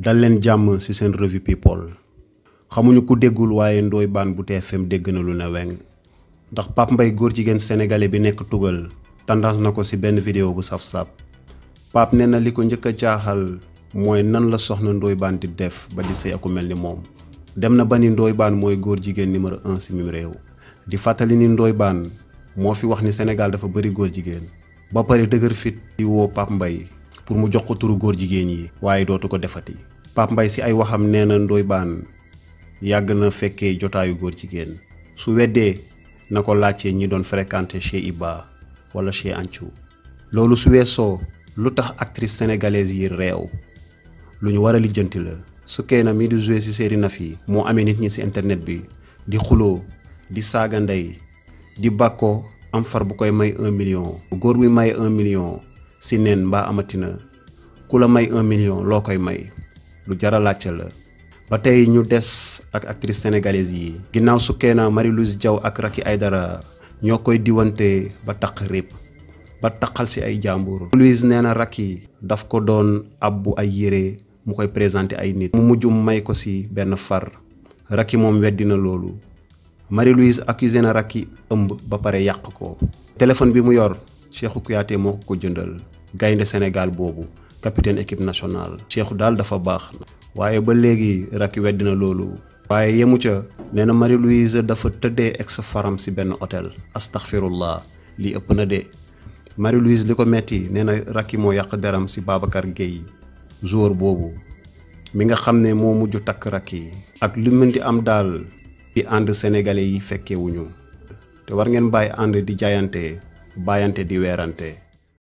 dal leen jàmm ci seen revue people xamuñu ku déggul waaye ndooy baan bu TFM dégg na lu ne weng ndax Pape mbay góor jigéen sénégalais bi nekk tugal tendance na ko ci benn vidéo bu saf-saf Pape nee na li ko njëkk a jaaxal mooy nan la soxna ndooy baan di def ba di sëy aku mel ni moom dem na ba ni ndooy baan mooy góor jigéen numéro en ci mim réew di fàttali ni Ndoye Bane moo fi wax ni Sénégal dafa bëri góor jigéen ba pare dëgër fit di woo Pape Mbaye pour mu jox ko turu góor jigéen yi waaye dootu ko defati Pape Mbaye si ay waxam nee na Ndoye yàgg na fekkee jotaayu góor jigéen su weddee na ko laajte ñi doon fréquenté chez Iba wala chez Anthiou loolu su weesoo lu tax actrice sénégalaise yi réew lu ñu war a lijjanti la Soukeyna mi di joué ci série Nafi yi moo amee nit ñi ci internet bi di xuloo di saaga ndey di bàkkoo am far bu koy may un million góor bi may un million si neen mbaa amatina ku la may un million loo koy may lu jara la ba tey ñu des ak actrice sénégalaise yi ginnaaw Soukeyna Marie Louise jaw ak ay dara ñoo koy diwante ba taq rib ba taqal si ay jàmbur Louise nee na Racky daf ko doon abbu ay yére mu koy présenté ay nit mu mujj may ko si benn far Racky moom weddi na loolu Marie Louise accusé na Racky ëmb ba pare yàq ko téléphone bi mu yor Cheikhou Kouyaté moo ko ko jëndal gaynde Sénégal boobu capitaine équipe nationale. Cheikhou daal dafa baax. waaye ba léegi Racky weddi na loolu. waaye yemu ca nee na Marie Louise dafa tëddee ex faram si benn hôtel astaghfirullah lii ëpp na de Marie Louise li ko metti nee na Racky moo yàq deram si Babacar Gueye joueur boobu mi nga xam ne moo mujj takk Racky ak lu mën am daal di ànd sénégalais yi fekkewuñu te war ngeen bàyyi ànd di jaayante bàyyante di weerante